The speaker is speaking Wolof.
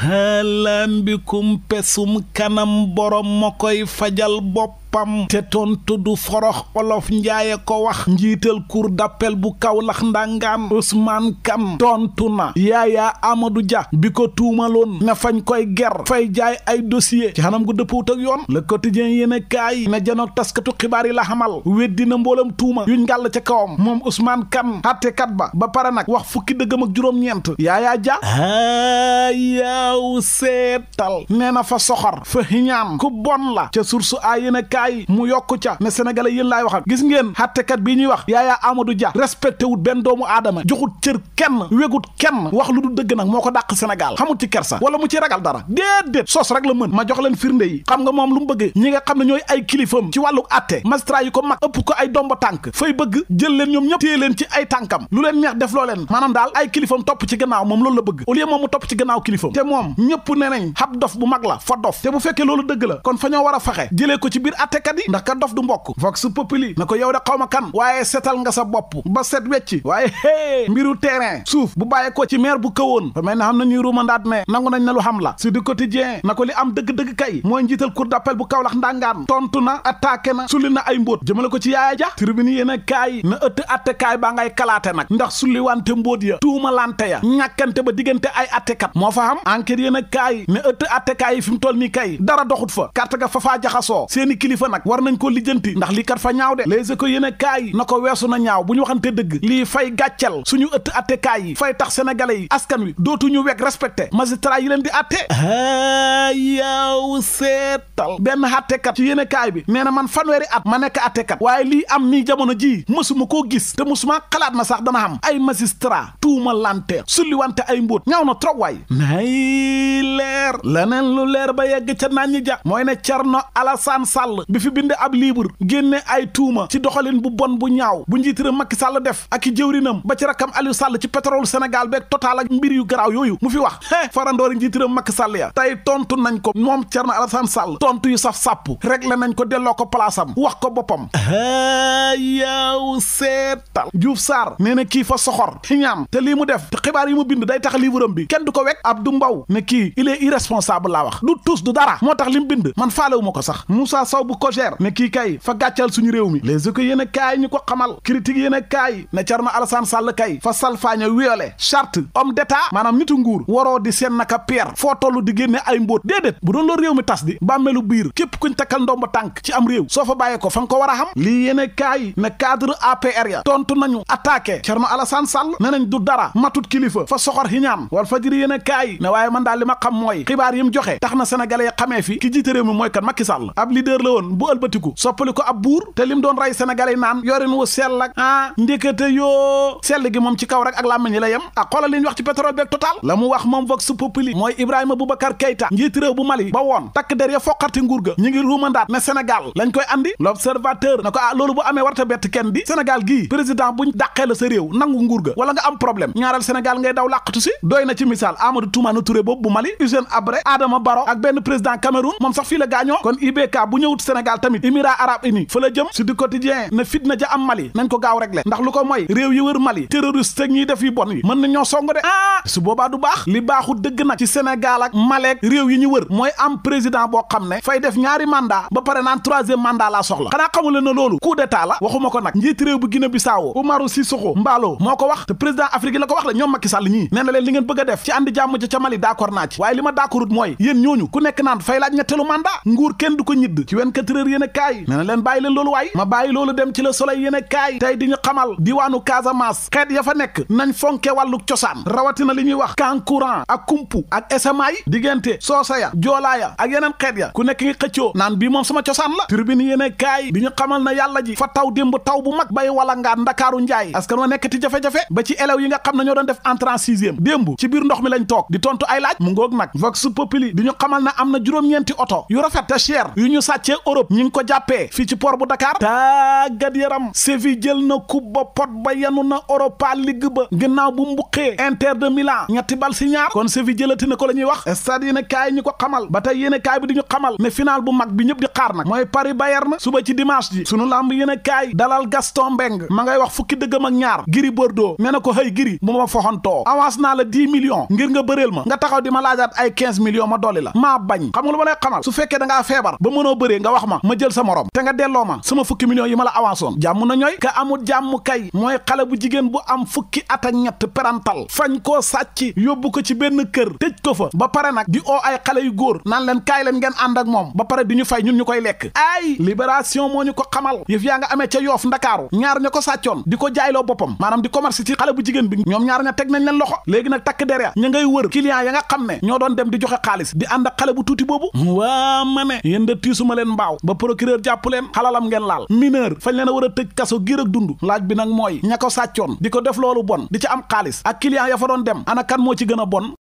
haalaan bikum pesum kanam borom ma koy fajal bopp boppam te tontu du forox olof njaaye ko wax njiital cour d'appel bu Kaolack ndangaan Ousmane Kane tontu na yaayaa Amadou Dia bi ko tuumaloon na fañ koy ger fay jaay ay dossier ci xanam gu dëppawut ak yoon Le Quotidien yéen kaay na janoog taskatu xibaar yi la xamal weddi na mboolam tuuma yuñ ngàll ca kawam moom kan Kane àttekat ba ba pare nag wax fukki dëggam ak juróom-ñeent yaayaa Dia yaaw seetal nee na fa soxor fa xiñaan ku bon la ca source a yéen kaay mu yokku ca ne sénégalais yéen laay gis ngeen xattekat bii ñuy wax yaayaa Amadou Dia respecté wut benn doomu aadama joxut cër kenn wegut kenn wax lu du dëgg nag moo ko dàq Sénégal xamul ci kersa wala mu ci ragal dara déedéet sos rek la mën ma jox leen firnde yi xam nga moom lu mu bëgg ñi xam ne ñooy ay kilifam ci wàllu atte magistrat yi ko mag ëpp ko ay domba tànk fay bëgg jël leen ñoom ñëpp téye ci ay tànkam lu leen neex def loo a faxe jëlee ko ci biir attekat yi ndax ka dof du mbokk vox populi na ko yow de kan waaye setal nga sa bopp ba set wecc waaye hee mbiru terrain suuf bu bàyyee ko ci maire bu këwoon fa mel na xam na ñuy ruumandaat ne nangu nañ ne lu xam la si du quotidien na ko li am dëgg-dëgg kay mooy njiital cour d'appel bu Kaolack ndangaan tontu na a attaqué na sulli na ay mbóot jëmale ko ci yaaya ja tribune yéen a na ëtt attekaay baa ngay kalaate nag ndax sulli wante mbóot ya tuuma lante ya ñàkkante ba diggante ay attekat moo fa xam enquête yéen a kaay ne yi fi mu toll nii kay dara doxut fa carte ga jaxasoo seeni kilif fa nag war nañ ko lijjanti ndax lii kat fa ñaaw de les éco yéen kaay na ko weesu na ñaaw bu ñu waxante dëgg lii fay gàccel suñu ëtt attekaay yi fay tax sénégalais yi askan wi dootuñu wek respecté magistrat yi leen di atte ayaw ah, seetal benn attekat ci yéen kaay bi nee na man fanweeri at ma nekk attekat waaye lii am nii jamono ji mësuma koo gis te mësuma xalaat na sax dana am ay magistrat tuuma lante sulli wante ay mbóot ñaaw na trop waay nay leer leneen lu leer ba yegg ca naan ñi ja mooy ne Cerno Alassane Sall bi fi bind ab livre génne ay tuuma ci doxalin bu bon bu ñaaw bu njiit réew Macky def ak i jëwrinam ba ci rakkam Aliou Sall ci pétrole Sénégal beeg totaal ak mbir yu garaaw yooyu mu fi wax eh farandoori njiit réew Macky Sall ya tey tontu nañ ko moom Thierno Alassane Sall tontu yu saf sàpp réglé nañ ko delloo ko palaasam wax ko boppam yow seetal Diouf Sarr nee na kii fa soxor xiñaam te lii mu def te xibaar yi mu bind day tax livre am bi kenn du ko wekk Abdou Mbow ne kii il est wax du tous du dara moo tax li mu bind man faalewu ma ko sax Moussa ko gère ne kii kay fa gàccal suñu réew mi les ko yéen a kaay ñu ko xamal critique yéen a kaay ne Thierno Alassane Sall kay fa salfaaña wiyole charte homme d'état maanaam nitu nguur waroo di seen naka pierre foo toll di génne ay mbóot déedéet bu doon loolu réew mi tas di bàmmeelu biir képp kuñ takkal ndomba tànk ci am réew soo fa bàyyee ko fa ko war a xam lii yéen a kaay ne cadre APR ya tontu nañu attaqué Thierno Alassane Sall ne nañ du dara matut kilifa fa soxor hiñaam a kaay ne waaye man daal li ma xam mooy na sénégalais yi xamee fi ki jiite réew mi boppam bu ëlbatiku soppali ko ab buur te lim doon rey sénégalais yi naan yorin wu sell ak ah ndékkate yoo sell gi moom ci kaw rek ak làmmiñ yi la yem ak ah, xoolal li wax ci pétrole beeg total la mu wax moom vox populi mooy Ibrahima Boubacar Keïta njiit réew bu Mali ba woon takk der ya foqarti nguur ga ñu ngi ruumandaat ne Sénégal lañ koy andi l'observateur na ko ah loolu bu amee warta bett kenn di Sénégal gii président buñ dàqee la sa réew nangu nguur ga wala nga am problème ñaaral Sénégal ngay na ci misaal Amadou Toumani Touré boobu bu Mali Hussein Abré Adama Barrow bu ñëwut Sénégal tamit Émirats arabes unis fa la jëm su du quotidien ne fitna ja am Mali nañ ko gaaw régler ndax lu ko mooy réew yi wër Mali terroriste ak ñuy def yu bon yi mën na ñoo song de ah su boobaa du baax li baaxu dëgg nag ci Sénégal ak Maleek réew yi ñu wër mooy am président boo xam ne fay def ñaari mandat ba pare naan troisième mandat laa soxla xanaa xamule na loolu coup d'état la waxuma ko nag njiit réew bu Guinée Bissau Umaro Sissoko Embaló moo ko wax te président a def vingt heures a kaay nee na leen bàyyi leen loolu waay ma bàyyi loolu dem ci le soleil yéen kaay tey di ñu xamal diwaanu Casamance xeet ya fa nekk nañ fonke wàllu cosaan rawatina li ñuy wax kankuran ak kumpu ak SMA yi diggante soosa ya joolaa ya ak yeneen xeet ya ku nekk ngi xëccoo naan bii moom sama cosaan la turbine yéen a kaay di ñu xamal na yàlla ji fa taw démb taw bu mag bay wala ngaan ndakaaru njaay askan wa nekkati jafe-jafe ba ci élèves yi nga xam ñoo doon def entrée en sixième mi lañ toog di tontu ay laaj mu ngoog nag vox populi di am na juróom-ñeenti oto yu rafet Europe ñi ngi ko jàppee fii ci port bu Dakar tàggat yaram Séville jël na coupe ba pot ba yanu na Europa League ba ginnaaw bu mbuqee Inter de Milan ñetti bal si ñaar kon Séville jëlati ko la ñuy wax stade yéen a kaay ñu ko xamal ba tey yéen a bi di ñu xamal ne final bu mag bi ñëpp di xaar nag mooy Paris Bayern suba ci dimanche ji sunu lamb yéen a kaay dalal Gaston Mbengue ma ngay wax fukki dëggam ak ñaar Gris Bordeaux nee na ko xëy Gris bu ma foxantoo avance naa la dix millions ngir nga bëreel ma nga taxaw di ma la maa bañ xam nga ma lay xamal su jox ma ma jël sa morom te nga delloo ma sama fukki millions yi ma la avance woon jàmm na ñooy ka amul jàmm kay mooy xale bu jigéen bu am fukki at ñett parental fañ koo sàcc yóbbu ko ci benn kër tëj ko fa ba pare nag di oo ay xale yu góor naan leen kaay leen ngeen ànd ak moom ba pare di ñu fay ñun ñu koy lekk ay libération moo ñu ko xamal yëf yaa nga amee ca yoof ndakaaru ñaar ña ko sàccoon di ko jaayloo boppam maanaam di commerce ci xale bu jigéen bi ñoom ñaar ña teg nañ leen loxo léegi nag ne ñoo doon dem di joxe xaalis di ànd ak xale boobu waa ma ne yéen da gaaw ba procureur jàpp leen xalalam ngeen laal mineur fañ leen a war a tëj kaso giir ak dund laaj bi nag mooy ña ko sàccoon di ko def loolu bon di ca am xaalis ak client ya fa doon dem ana kan moo ci gën a bon